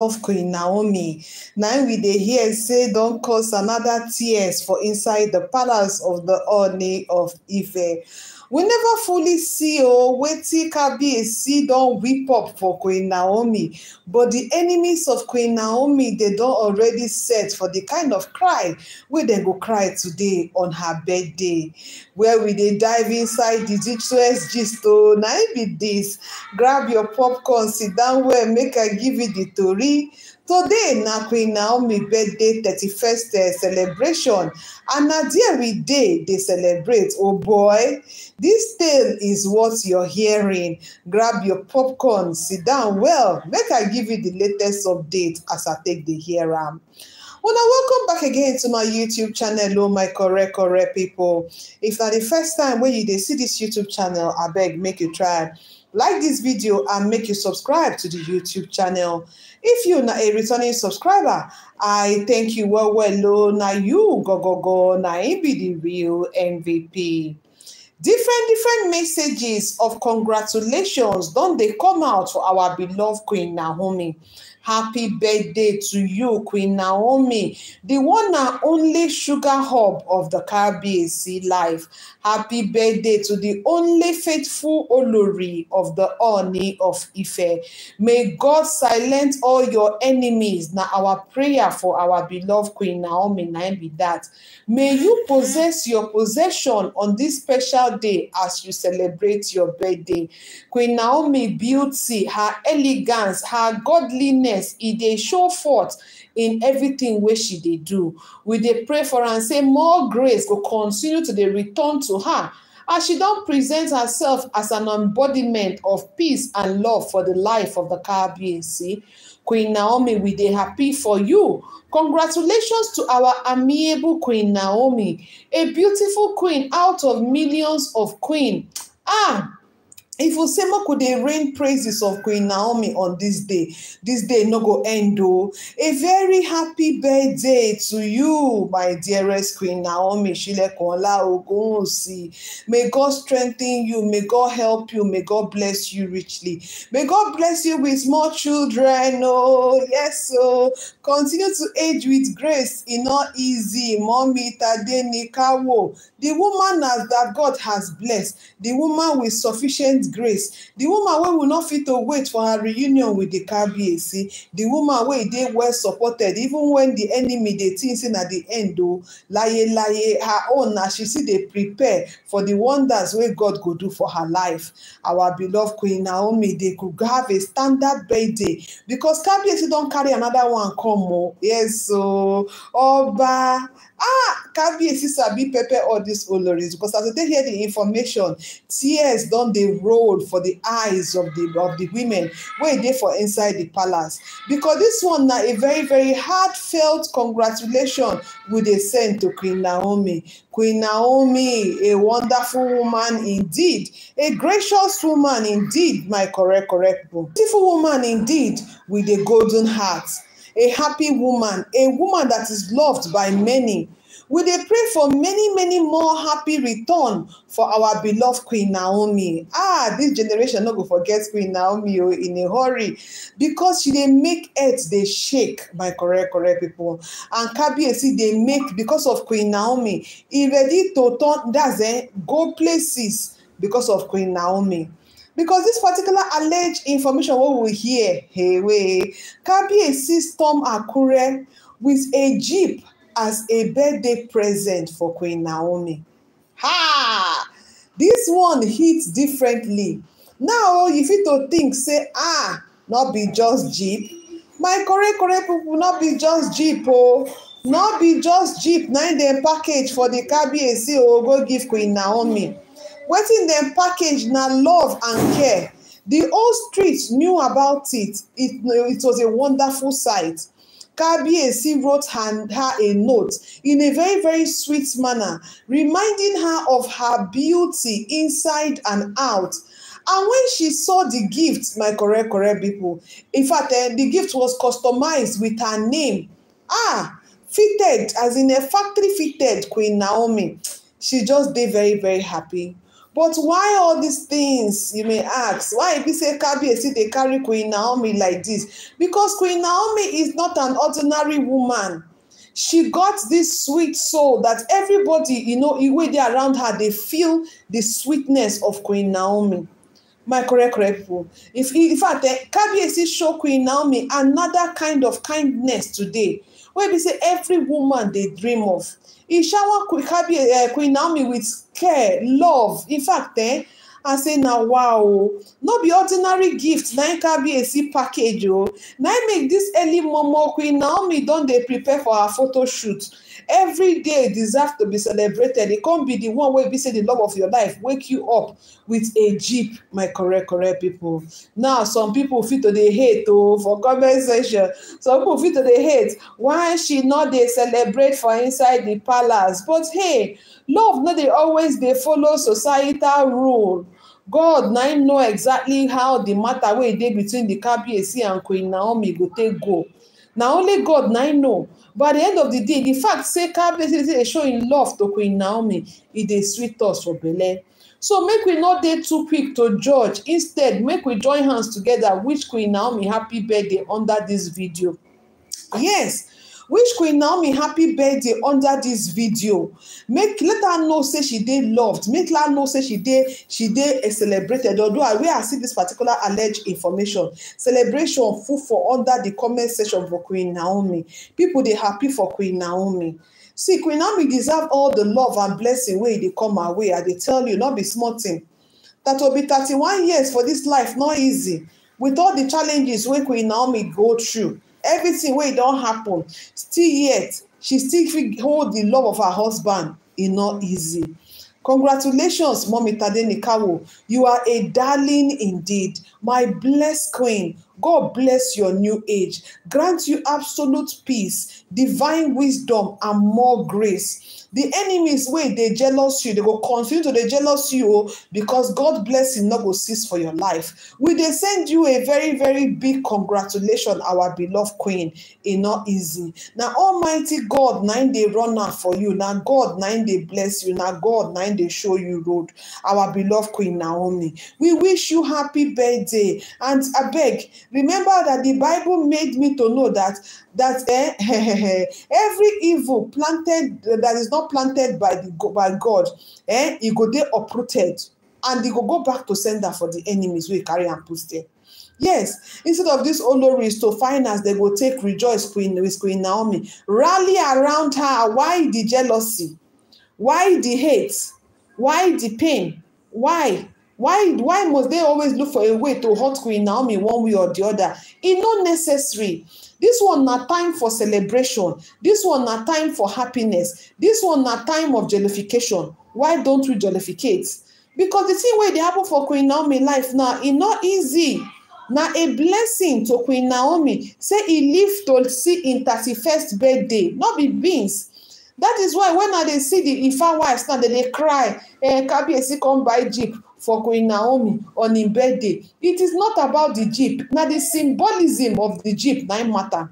of Queen Naomi. Now we they hear say, don't cause another tears for inside the palace of the Oni of Ife we never fully see oh See, don't whip up for queen naomi but the enemies of queen naomi they don't already set for the kind of cry wey dem go cry today on her birthday where we they dive inside the gist gist oh, o na im be grab your popcorn sit down where make i give you the story. Today na Queen Naomi birthday 31st uh, celebration and na there we dey celebrate. Oh boy, this tale is what you're hearing. Grab your popcorn, sit down well, make I give you the latest update as I take the here am. now welcome back again to my YouTube channel, oh my correct correct people. If na the first time when you dey see this YouTube channel, I beg make you try like this video and make you subscribe to the YouTube channel. If you're not a returning subscriber, I thank you well, well, oh, now you go, go, go, now be the real MVP. Different, different messages of congratulations don't they come out for our beloved Queen Naomi. Happy birthday to you, Queen Naomi, the one and only sugar hub of the KBAC life. Happy birthday to the only faithful Olori of the Oni of Ife. May God silence all your enemies. Now, our prayer for our beloved Queen Naomi, now be that. May you possess your possession on this special day as you celebrate your birthday. Queen Naomi, beauty, her elegance, her godliness, sense they show forth in everything where she they do we they pray for and say more grace will continue to the return to her as she don't present herself as an embodiment of peace and love for the life of the Caribbean. Queen Naomi, we they happy for you. Congratulations to our amiable Queen Naomi, a beautiful queen out of millions of queen. Ah, if you say make we dey rain praises of queen naomi on dis day dis day no go end o oh. a very happy birthday to you my dearest queen naomi shilekunla ogunwusi may god strengthen you may god help you may god bless you richly may god bless you with more children o oh. yes o oh. continue to age with grace e no easy mommy tadenikawo the woman that god has blessed the woman with sufficient grace the woman wey we not fit to wait for her reunion with the kbac the woman wey dey well supported even when the enemy dey think say na the end o laye laye her own na she still dey prepare for the wonders wey god go do for her life our beloved queen naomi dey could have a standard birthday because kbac don carry another one come o yes o ọba ah kbac sabi pepper all these oloris because as i dey hear the information tears don dey roll gold for the eyes of the of the women wey dey for inside the palace because this one na a very very heartfelt congratulation we dey send to queen naomi queen naomi a wonderful woman indeed a gracious woman indeed my correct correct book beautiful woman indeed with a golden heart a happy woman a woman that is loved by many we they pray for many, many more happy return for our beloved Queen Naomi. Ah, this generation not go forget Queen Naomi oh, in a hurry because she they make it, they shake, my correct, correct people. And KBSC, they make, because of Queen Naomi, he ready to turn, that's eh, go places because of Queen Naomi. because this particular alleged information what we hear hey way kabiyesi storm akure with a jeep as a birthday present for Queen Naomi. Ha! This one hits differently. Now you fit to think say ah not be just jeep. My correct correct people not be just jeep oh. Not be just jeep na dem package for the Kabiyesi oh go give Queen Naomi. What in dem package Now love and care. The whole street knew about it. It, it was a wonderful sight. Kabiesi wrote her, her a note in a very, very sweet manner, reminding her of her beauty inside and out. And when she saw the gift, my correct, correct people, in fact, uh, the gift was customized with her name. Ah, fitted, as in a factory fitted Queen Naomi. She just did very, very happy. But why all these things, you may ask? Why if you say KBC they carry Queen Naomi like this? Because Queen Naomi is not an ordinary woman. She got this sweet soul that everybody, you know, wey they around her, they feel the sweetness of Queen Naomi. My correct, correct people. If, in fact, KBC show Queen Naomi another kind of kindness today. where they say every woman they dream of. e shower eh, queen naomi with care love in fact eh i say now, wow oh, no be ordinary gift be a kabiyesi package oh! Now im make this early momo queen naomi not they prepare for her photo shoot every day deserves to be celebrated can come be the one where be say the love of your life wake you up with a jeep my correct correct people. now some people fit to dey hate oh, for conversation. some people fit to dey hate why she not they celebrate for inside the palace but hey love not they always they follow societal rule god na im know exactly how the matter wey e dey between the kabiyesi and queen naomi go take go na only god na im know but at di end of the day the fact say kabiyesi dey e show im love to queen naomi e dey sweet us for belle so make we no dey too quick to judge instead make we join hands together. wish queen naomi happy birthday under this video yes Wish queen naomi happy birthday under dis video make let her know say she dey loved make her know say she dey celebrated although i wey i see dis particular alleged information celebration full for under di comment section for queen naomi pipo dey happy for queen naomi see queen naomi deserve all the love and blessing Way they come her way i they tell you not be small thing. that will be 31 years for this life not easy with all the challenges wey queen naomi go through everything wey don happen still yet she still fit hold the love of her husband e no easy congratulations mommy tadenikawo you are a darling indeed my blessed queen god bless your new age grant you absolute peace divine wisdom and more grace the enemies, wait, they jealous you. They go continue to they jealous you oh, because God you not go cease for your life. We they send you a very, very big congratulation, our beloved queen. It not easy. Now, Almighty God, nine day runner for you. Now, God, nine day bless you. Now, God, nine day show you road. Our beloved queen Naomi. We wish you happy birthday. And I beg, remember that the Bible made me to know that that eh, every evil planted that is not not planted by the by God, eh, e go there uprooted and e go go back to sender for the enemies we carry and put there. Yes, instead of these oloris to finance, they go take rejoice queen with Queen Naomi. Rally around her. Why the jealousy? Why the hate? Why the pain? Why? Why, why must they always look for a way to hurt Queen Naomi one way or the other? It's not necessary. This one not time for celebration. This one not time for happiness. This one not time of jollification. Why don't we jollificate? Because the thing where they happen for Queen Naomi life now, it's not easy. Now a blessing to Queen Naomi. Say he lived to see in 31st birthday. Not be beans that is why when i see the ifa wives now they dey cry eh kabiyesi come buy jeep for queen naomi on im birthday it is not about the jeep Now the symbolism of the jeep na it matter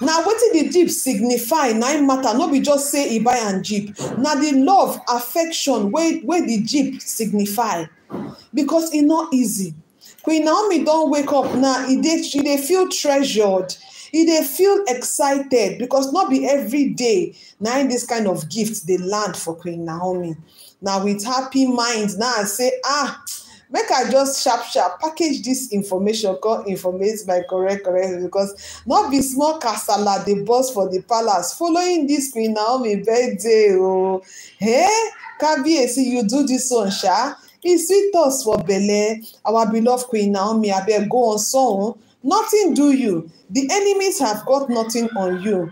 what did the jeep signify na it matter Not we just say e buy jeep Now the love affection where the jeep signify because it's not easy queen naomi don't wake up now e they feel treasured e dey feel excited because not be every day na in this kind of gift dey land for queen naomi na with happy mind now i say ah make i just sharp sharp package this information come informate my correct correct because not be small kasala dey burst for the palace following this queen naomi birthday o eh kabiyesi you do this one sha e sweet us for belle our beloved queen naomi abeg go on so Nothing do you. The enemies have got nothing on you.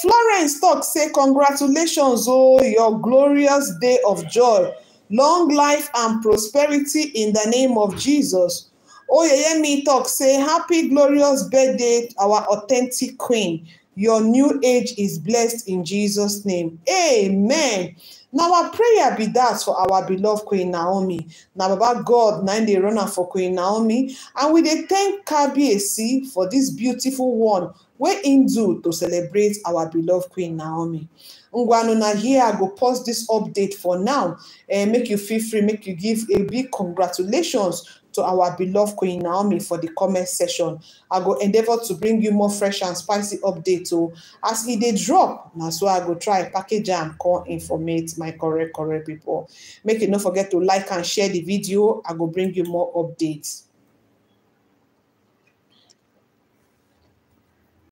Florence talk say, Congratulations, oh, your glorious day of joy, long life and prosperity in the name of Jesus. Oh me talk say, Happy, glorious birthday, our authentic queen. Your new age is blessed in Jesus' name. Amen. Now, our prayer be that for our beloved queen naomi Now about god nine im runner run for queen naomi and we thank kabiyesi for this beautiful one We in do to celebrate our beloved queen naomi ngwanu na here i go pause this update for now eh, make you feel free make you give a big congratulations to our beloved Queen Naomi for the comment session. I go endeavor to bring you more fresh and spicy updates. So oh. as it they drop, now so I go try package and call informate my correct correct people. Make it not forget to like and share the video. I go bring you more updates.